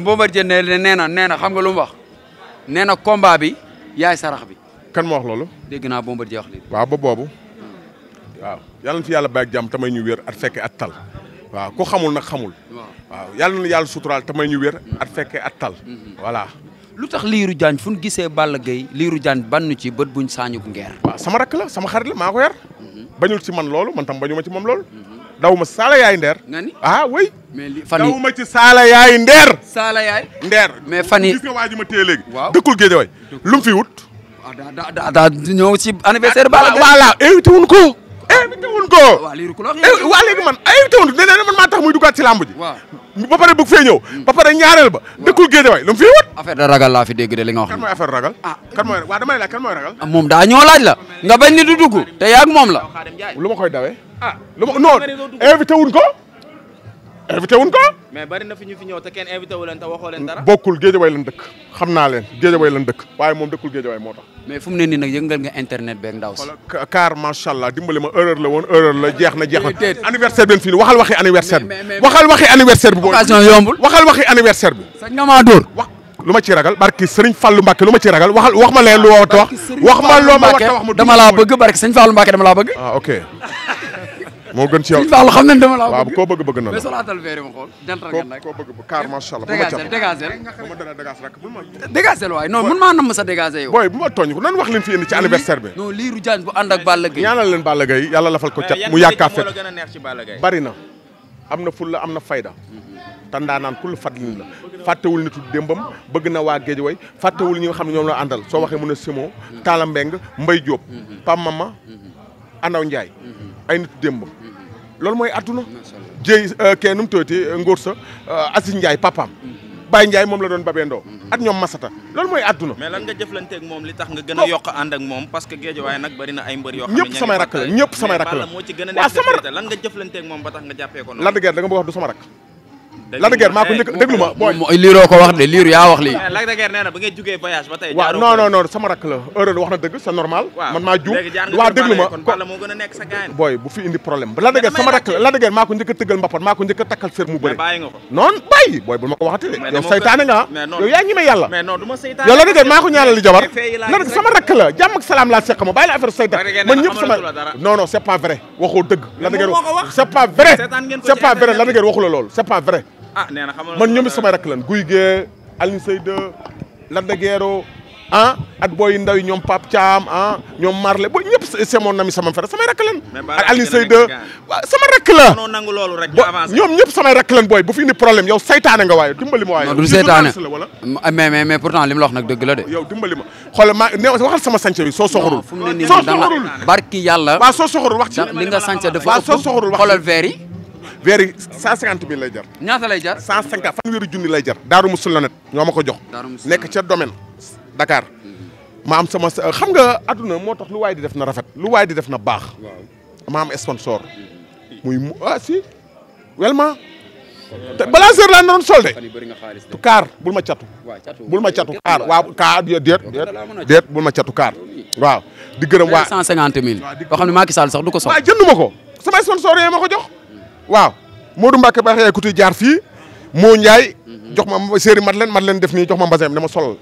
Bombardier ne nee na nee na xam nga lu mu wax nee na combat bi yaay sarax bi. kan ma wax loolu. dégg naa Bombardier wax lii. waaw ba boobu waaw yal yàlla bàyyi jàmm tamay ñu wér at fekke at tal waaw ku xamul nag xamul. waaw yàlla suturaal tamay ñu wér at fekke at tal. Mm-hmm. voilà. tax Lirou Diane fu ñu gisee Balla Gaye Lirou Diane bannu ci bët buñ saañu ngeer. waaw sama rakk la sama xarit la maa ko yar. Mm-hmm. bañul ci man loolu man tam bañu ma ci moom loolu. Mm-hmm. daw ma saala yaay ndeer ah oui. mais li fan daw ma ci saala yaay ndeer saala yaay ndeer mais fan yi gis nga waa ji ma téye léegi. waaw dëkkul géej waay lu mu fi wut. ah daa daa daa ñëw ci anniversaire. wuñ ko eh, waa léegi man ay eh, tawul nee na man maa tax muy duggaat ci làmb ji ba pare bëgg fee ñëw hmm. ba pare ñaareel ba dëkkul géej waay lu mu fii wut da de ragal laa fi dégg de li nga ah. ah, daa ñoo la nga bañ ni du dugg yaag moom la lu ma koy dawee ah lu ma non invité ko invité wuñ ko. mais bari ñu fi ñëw te kenn invité wu leen te waxoo leen dara. bokkul géejawaay lan dëkk xam naa leen géejawaay lan dëkk waaye moom dëkkul géejawaay moo tax. mais fu ne nii nag yëngal nga internet beeg ndaw si. car macha allah dimbali ma erreur la woon erreur la jeex na jeex na. anniversaire bi fii waxal waxi anniversaire bi. waxal waxi anniversaire bi. occasion sañ nga maa dóor lu ma ci ragal barki Serigne Fallou Mbacke lu ma ci ragal waxal wax ma leen lu ma war a wax. wax ma loo ma war wax ma dama laa bëgg barki Serigne moo gën ci yow Fall xam nañ dama la waaw koo bëgg bëgg na la mais solaatal verre ma xool jantal nga nag koo bëgg ba car macha allah dégazel dégazel bu ma dana dégazel rek mun ma dégazel waay non mun maa namm sa dégazel yow booy bu ma tooñ ko nan wax leen fi indi ci anniversaire bi non liiru jaan bu ànd ak Balla Gaye ñaanal leen Balla Gaye yàlla lafal ko cat mu yaakaar fet bari na am na fulla am na fayda tandaanaan kul fadlin la fàttewul nitu démbam bëgg na waa géej way fàttewul ñi nga xam ne ñoom la àndal soo waxee mu ne Simon Talla Mbeng Mbay Diop Pam Mama Andaw Ndiaye mm-hmm. ay nit démb mm-hmm. loolu mooy àdduna jéy euh, kee nu mu tëddee euh, ngóor sa euh, Aziz Ndiaye papaam mm-hmm. Baye Ndiaye moom la doon babendoo ak ñoom Masata loolu mooy àdduna mais lan nga jëflante ak moom li tax nga gën a yokk ànd moom parce que nag bari na ay mbër yoo xam samay rakk la ñëpp samay rakk la moo ci gën a nekk lan nga jëflante ak moom ba tax nga jàppee ko noonu Lac de Guiers du sama rakk Lac de maa ko njëkk eh, déglu la heure wax booy bu fi indi problème Lac de maa ko njëkk a tëggal maa ko njëkk takkal sër mu bëri noon bàyyi booy bu ma ko waxati de yow saytaane nga yow yaa ngi may yàlla yow Lac maa ko ñaanal jabar sama rak la salaam laa seq ma bàyyi la affaire saytaan man ñëpp sama non non c'est pas dëgg Lac de Guiers c'est pas vrai c'est pas waxu la loolu ah nee na xamal man ñoom samay rakk Guy Gee Alioune Seyde Lac de Guiers ah, booy ndaw ñoom Pape Thiam ah, ñoom Marley booy ñëpp c'est mon ami sama frère samay rakk lan ak sama rakk la ñoom ñëpp samay rakk lan booy bu fi indi problème yow saytaane nga waaye dimbali ma waaye du pourtant li mu nag dëgg de yow ne waxal sama sànce bi soo soxorul soo barki yàlla waaw soo soxorul wax ci li nga sànce dafa ëpp xoolal verre yi weer yi 150 000 lay jar. ñaata lay jar 150 fanweeri junni lay jar. Darou Moussa la net ñoo ma ko jox. nekk ca domaine Dakar. Mhm. ma am sama xam nga adduna moo tax lu waaye di def na rafet. lu waay di def na baax. maam am sponsor. Mhm. muy mu ah si. vraiment. te balancer laa doon solde. kaar bul ma catu. bul ma catu kaar waaw kaar déet déet bul ma catu kaar. waaw di gërëm waa 150 000. waaw di ko xam ne Macky Sall sax du ko soxla. waaw jëndu ma ko sama sponsor yee ma waaw Modou Mbacke baaxee écouté jaar fii moo Ndiaye. Mhm. jox ma séeri mat leen mat leen def nii jox ma mbasin dama solal.